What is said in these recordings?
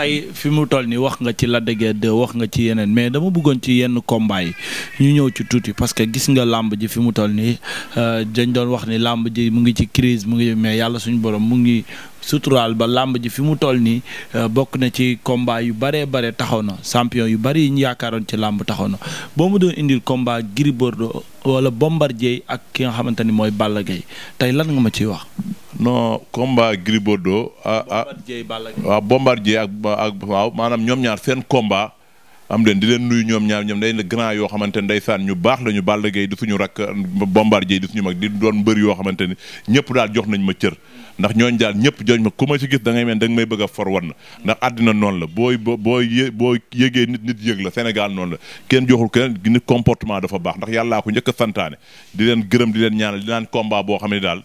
tey fi mu toll nii wax nga ci Lac de wax nga ci yeneen mais dama bëggoon ci yenn combat ñu ñëw ci tuuti parce que gis nga làmb ji fi mu toll nii euh, dañ doon wax ni làmb ji mu ngi ci crise mu ngi mais yàlla suñu borom mu ngi suturaal ba làmb ji fi mu toll nii euh, bokk na ci combat yu baree bare taxaw na champion yu bari yi ñu yaakaaroon ci làmb taxaw na boo ma doon indil combat Gris Bordeaux wala Bombardier ak ki nga xamante ni mooy Balla Gaye tey lan nga ma ciy wax. non combat Gris Bordeaux. ah ah Bombardier ak ak waaw maanaam ñoom ñaar seen combat. am leen di leen nuyu ñoom ñaar ñoom day grand yoo xamante ne ndeysaan ñu baax lañu Balla Gaye di suñu rakk Bombardier di suñu mag di doon mbër yoo xamante ni ñëpp daal jox nañ ma cër. ndax ñooñ daal ñëpp jooñ ma ku ma ci gis da ngay mel da nga may bëgg a for wan ndax àddina noonu la booy booy yë boo yëgee nit nit yëg la Sénégal noonu la kenn joxul kenn nit comportement dafa baax ndax yàllaa ko njëkk a santaane di leen gërëm di leen ñaanal di naan combat boo xam ne daal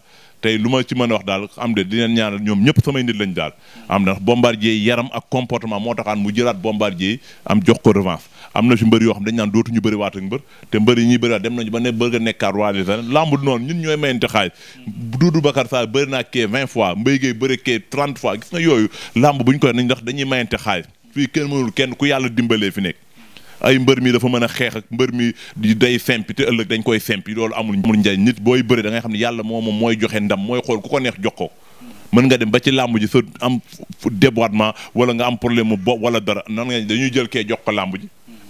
tey lu ma ci mën a wax daal am de di leen ñoom ñëpp samay nit lañ daal am ndax bombardier yaram ak comportement moo taxaan mu jëlaat bombardier am jox ko revanche am na fi mbër yoo xam dañ naan dootuñu bëri waat ak mbër te mbër yi ñuy bëri waat dem nañu ba ne bëgg a nekkaat roi des arènes lamb noonu ñun ñooy mayante xaaj Doudou Bakar Sarr bëri naa kee vingt fois Mbaye Guèye bëri kee trente fois gis nga yooyu lamb bu ñu koy nañ ndax dañuy mayante xaaj fii kenn kenn ku yàlla dimbalee fi nekk ay mbër mi dafa mën a xeex ak mbër mi day fempi te ëllëg dañ koy sempi loolu amul amul njariñ nit booy bëri da xam ne yàlla moo moom mooy joxe ndam xool ku ko neex jox ko mën nga dem ba ci làmb ji sa am déboîtement wala nga am problème mu bopp wala dara nan nga dañuy jël kee jox ko làmb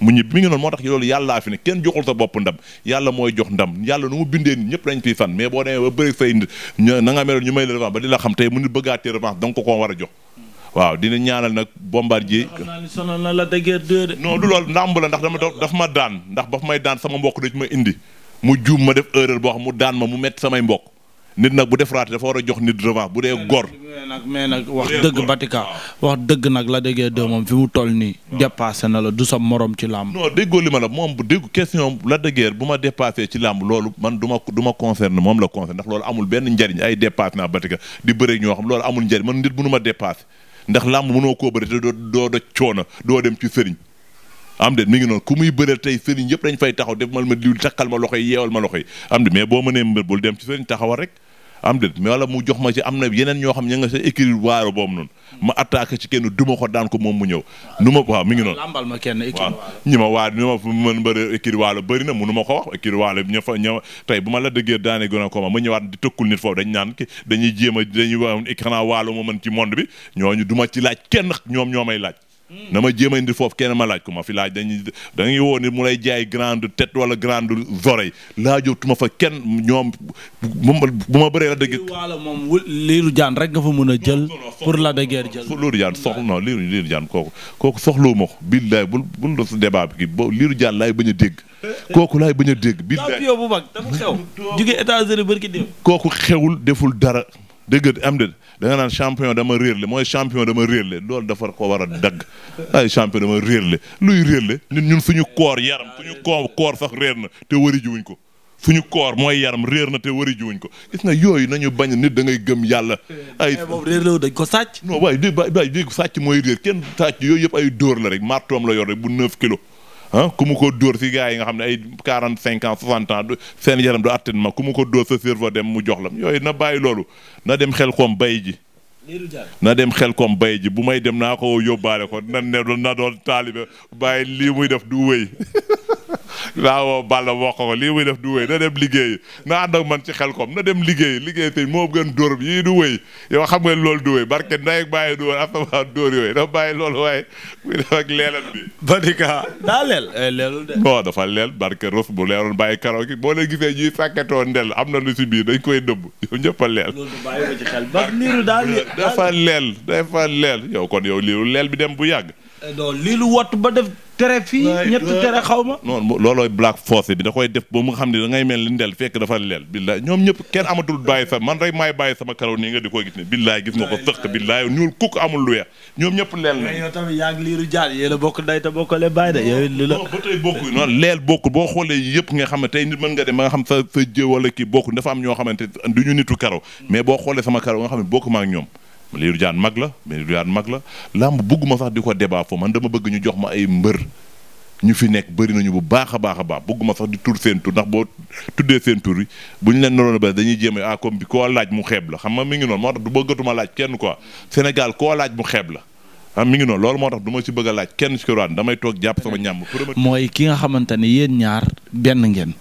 mu ñib mi ngi noonu moo tax loolu yàllaa fi ne kenn joxul sa bopp ndam yàlla mooy jox ndam yàlla nu mu bindee nit ñëpp dañ fiy fan mais boo demee ba bëri say nit na nga ñu may la ba di la xam tey mu nit bëggaatee revanche da ko koo war a jox waaw dina ñaanal nag bombardier. xam naa ni na la dëgër de. non du loolu ndàmb la ndax dama daf ma daan ndax ba may daan sama mbokk dañ ma indi mu juum ma def erreur boo xam mu daan ma mu metti samay mbokk nit nag bu def raate dafa war a jox nit revanche bu dee gor. mais nag wax dëgg Batika wax dëgg nag la déggee de moom fi mu toll nii. dépassé na la du sa morom ci làmb. non déggoo li ma la moom bu dégg question la déggee bu ma dépassé ci làmb loolu man du ma du ma concerne moom la concerne ndax loolu amul benn njariñ ay dépassé naa Batika di bëre ñoo xam loolu amul njariñ man nit bu ma dépassé ndax làmb mënoo koo bëri te doo doo doj coono doo dem ci sëriñ am de mi ngi noonu ku muy bëreel tey sëriñ yëpp dañ fay taxaw def mal ma diw takkal ma loxo yi yeewal ma loxo yi am de mais boo mënee mbër bul dem ci sëriñ taxawal rek am déet mais wala mu jox ma ci am na yeneen ñoo xam ña nga sa écrire waaro boobu noonu ma attaqué ci kenn duma ko daan ko moom mu ñëw nu ma waaw mi ngi noonu lambal ma kenn waaw ma waa ñu ma mën mbëri écrire waalo bëri na mënu ma ko wax écrire waalo ña fa ña tey bu ma la dëggee daane gën a ko ma ma ñëwaat di tëkkul nit foofu dañ naan ki dañuy jéem a dañuy xanaa waalo ma mën ci monde bi ñooñu duma ci laaj kenn ñoom ñoo may laaj na ma jéem a indi foofu kenn ma laaj ko ma fi laaj dañuy dañuy woo ni mu lay jaay grande tête wala grande oreille laajootuma fa kenn ñoom bu ma bëree la dëgg. waala moom liiru jaan rek nga fa mën a jël. pour la dëgër jël. liiru jaan soxla non liiru liiru jaan ma ko. billaay bul bul def débat bi bo laay bañ a dégg. kooku laay bañ a dégg. billaay bu mag dafa xew. jóge kooku xewul deful dara. dégg am de da nga naan champion dama réer le mooy champion dama réer le loolu dafa ko war a dagg ay champion dama réer le luy réer le nit ñun suñu koor yaram suñu ko koor sax réer na te wari jiwuñ ko suñu koor mooy yaram réer na te wari jiwuñ ko gis nga yooyu ñu bañ nit da ngay gëm yàlla ay eh, boobu réer la dañ ko sàcc non waay dé bay dégg sàcc mooy réer kenn sàcc yooyu yëpp ay dóor la rek martoom la yor rek bu 9 kilos ah ku mu ko dóor si gars yi nga xam ne ay 45 ans 60 ans seen seen yaram du atténuement ku mu ko dóor sa cerveau dem mu jox la yooyu na bàyyi loolu na dem xel koom bay ji. na dem xel koom bay ji bu may dem naa ko yóbbaale ko na ne na doon taalibe bàyyi lii muy def du wéy. naa woo Balla wax ko lii muy def du wéy na dem liggéeyi na ànd ak man ci xel ko na dem liggéey liggéey tey moo gën door bi yii du wéy yow xam nga loolu du wéy barke ndey bàyyi du woon affaire dóor yooyu dafa bàyyi loolu waaye muy def ak leelal bi. Badika daa eh, de. bon leel barke Rus bu leeroon bàyyi karaw gi boo leen gisee ñuy sàkketoo ndel am na lu si biir dañ koy dëbb yow ñëpp a leel. dafa leel dafa leel yow kon yow liiru leel bi dem bu yàgg. Eh, lii lu wattu ba def tere fii ñetti tere xaw ma non loolooy black force bi da koy def ba mu xam ne da ngay mel li ndel fekk dafa leel billaay ñoom ñëpp kenn amatul bàyyi sa man rek maay bàyyi sama karaw nii nga di ko gis ne billaay gis nga ko sëq billaay ñuul kukk amul lu weex ñoom ñëpp leel na yaa ngi liiru jaar bokk day te bokkale bàyyi de yooyu li la leel bokkul boo xoolee yëpp nga xam ne tey mën nga dem nga xam sa sa jëw wala kii bokkul dafa am ñoo xamante du ñu nitu karaw mais boo xoolee sama karaw nga xam ne bokk ak ñoom Lirou Diane mag la Lirou Diane mag la làmb bëgguma sax di ko débat foofu man dama bëgg ñu jox ma ay mbër ñu fi nekk bëri nañu bu baax a baax a baax bëgguma sax di tur seen tur ndax boo tuddee seen tur yi bu ñu leen naroon a bëri dañuy jéem a ah, comme bi koo laaj mu xeeb la xam nga mi ngi noonu moo tax du bëggatuma laaj kenn quoi Sénégal koo laaj mu xeeb la ah mi ngi noonu loolu moo tax du ma si bëgg a laaj kenn si koraan damay toog jàpp sama ñàmm mooy ki nga xamante ne yéen ñaar benn ngeen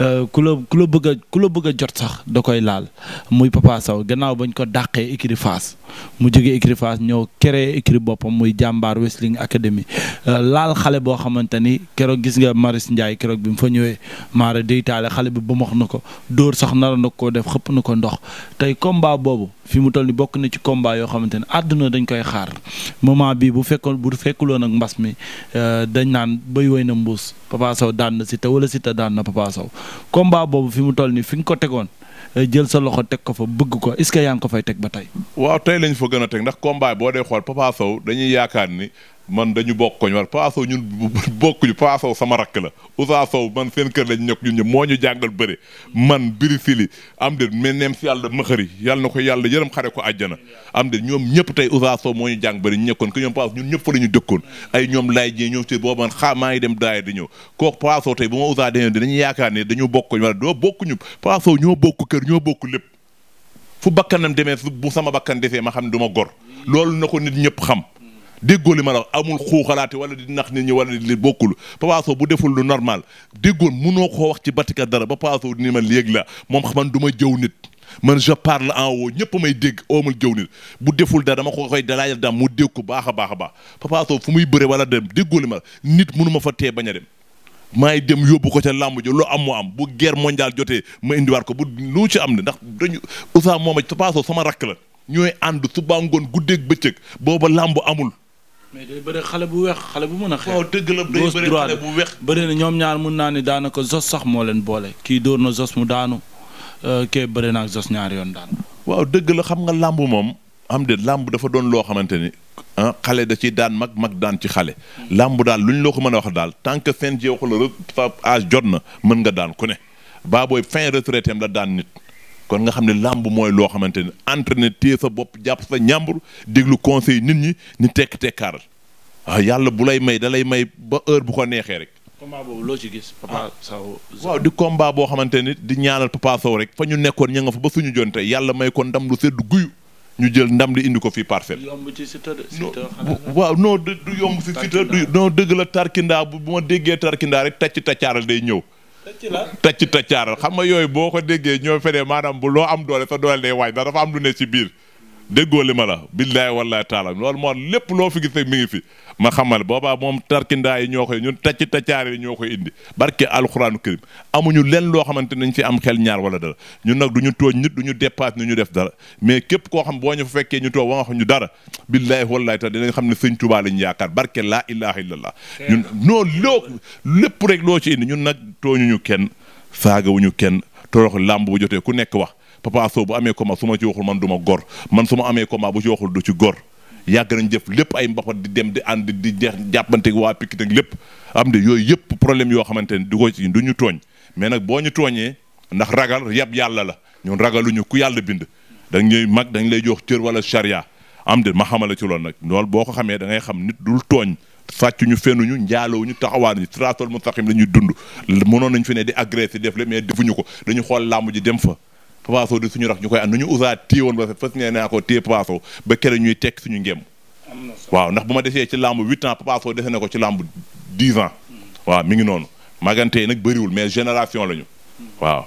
euh, ku la ku la bëgg a ku la bëgg a jot sax da koy laal muy Papa Sow gannaaw bañ ko dàqee écurie Fass mu jógee écurie Fass ñëw créé écurie boppam muy jàmbaar Wrestling Academy euh, laal xale boo xamante ni keroog gis nga Maris Ndiaye keroog bi mu fa ñëwee maara deytaale xale bi ba max na ko dóor sax nara nag koo def xëpp na ko ndox tey combat boobu fi mu toll ni bokk na ci combat yoo xamante ne àdduna dañ koy xaar moment bi bu fekkoon bu fekkuloon ak mbas mi euh, dañ naan bay woy na mbuus Papa daan na Siteu wala Siteu daan na Papa Sow boobu fi mu toll ni fi nga ko tegoon jël sa loxo teg ko fa bëgg ko est-ce que yaa ngi ko fay teg ba tey waaw tey lañ fa gën a teg ndax combat boo dee xool Papa Sow dañuy yaakaar ni man dañu bokk koñ war Papa Sow ñun bokkuñu Papa Sow sama rakk la Ousa Sow man seen kër lañ ñokk ñun ñëpp moo ñu jàngal bëre man biri am de mais neem si yàlla mëxëri yàlla na ko yàlla yërëm xare ko àjjana am de ñoom ñëpp tey Ousa moo ñu jàng bëri ñu nekkoon ñoom Papa ñu dëkkoon ñoom laay jee ñoom si boobu man xaa ngi dem daay di ñëw kooku Papa Sow tey bu ma yaakaar ne dañu bokk koñ wala doo bokkuñu Papa Sow ñoo kër ñoo bokk lépp fu bakkanam demee bu sama bakkan defee ma xam ne du ma gor loolu na ko nit ñëpp xam déggoo li ma la wax amul xuuxalaate wala di nax nit ñi wala di bokkul Papa bu deful lu normal déggoon mënoo koo wax ci Batika dara ba Papa Sow ni ma léegi la moom xam duma ma jëw nit man je parle en haut ñëpp may dégg oomul jëw nit bu deful dara dama ko koy dalaajal dam mu dégg ko baax a baax baax Papa Sow fu muy bëre wala dem déggoo ma nit mënuma ma fa tee bañ a dem maay dem yóbbu ko ca làmb ji lu am mu am bu ger mondiale jotee ma indiwaat ko bu lu ci am ne ndax dañu Ousmane mooma Papa Sow sama rakk la ñooy ànd suba ngoon guddeeg bëccëg booba làmb amul mais day bëre xale bu weex xale bu mën a xeex. waaw oh, dëgg la day bëre xale bu weex bëri na ñoom ñaar mun naa ni daanaka zos sax moo leen boole kii dóor na zos mu daanu euh, kee bëri naa ak zos ñaar yoon daan. waaw dëgg la xam nga làmb moom am de làmb dafa doon loo xamante ni ah, xale da ciy daan mag mag daan ci xale. Hmm. làmb daal luñ loo ko mën a wax daal tant que fin jéego la rek fa âge jot na mën nga daan ku ne. baabooy booy retraité am la daan nit. kon nga xam ne làmb mooy loo xamante ne entraîné téye sa bopp jàpp sa ñàmbur déglu conseil nit ñi ñu tekk tekkaaral waaw ah, yàlla bu lay may da lay may ba heure bu ko neexee rek. combat boobu loo ci gis. Papa ah. Sow waaw di combat boo xamante ni di ñaanal Papa rek fa ñu nekkoon ña nga fa ba suñu jon tey yàlla may ko ndam lu sedd guyu ñu jël ndam li indi ko fii parcelle. yomb ci Siteu de Siteu waaw non du yomb si Siteu du non dëgg la Tarkinda bu ma déggee Tarkinda rek tàcc tàccaaral day ñëw. tacc taccaaral xam nga yooyu boo ko déggee ñoo fenee maanaam bu loo am doole sa doole day waaj dafa am lu ne ci biir déggoo li ma la billaay wallaay taala loolu moo lépp loo fi gis mi ngi fi ma xamal booba moom tarkindaa yi ñoo koy ñun tacc taccaar yi ñoo koy indi barke alxuraanu karim amuñu lenn loo xamante nañ fi am xel ñaar wala dara ñun nag du ñu tooñ nit du ñu dépasse ñu def dara mais képp koo xam boo ñu fa fekkee ñu toog wax ñu dara billaay wallaay taala dinañ xam ne sëñ Tuubaa lañ yaakaar barke laa ilaha illallah ñun noo loo lépp rek loo ci indi ñun nag tooñuñu kenn saagawuñu kenn torox làmb bu jotee ku nekk wax Papa Sow bu amee combat su ma ci waxul man duma ma gor man su ma amee combat bu ci waxul du ci gor yàgg nañ jëf lépp ay mbapat di dem di ànd di jeex jàppante waa Pikine ak lépp am de yooyu yëpp problème yoo xamante ne du ko ci du ñu tooñ mais nag boo ñu tooñee ndax ragal yab yàlla la ñun ragaluñu ku yàlla bind dañ ñuy mag dañ lay jox cër wala charia am de ma xamala ci loolu nag loolu boo ko xamee da xam nit dul tooñ sàccuñu fenuñu njaalowuñu taxawaanuñu siraatal mustaqim la ñuy dund mënoon nañ fi di agressé def defuñu ko dañu xool làmb ji dem fa Papa Sow di suñu rax ñu koy ànd nu ñu usaa téye woon ba fas ne naa ko téye Papa ba kere ñuy tekk suñu ngéem waaw ndax bu ma desee ci làmb huit ans Papa Sow dese ne ko ci làmb dix ans hmm. waaw mi ngi noonu magante yi nag bëriwul mais génération lañu hmm. waaw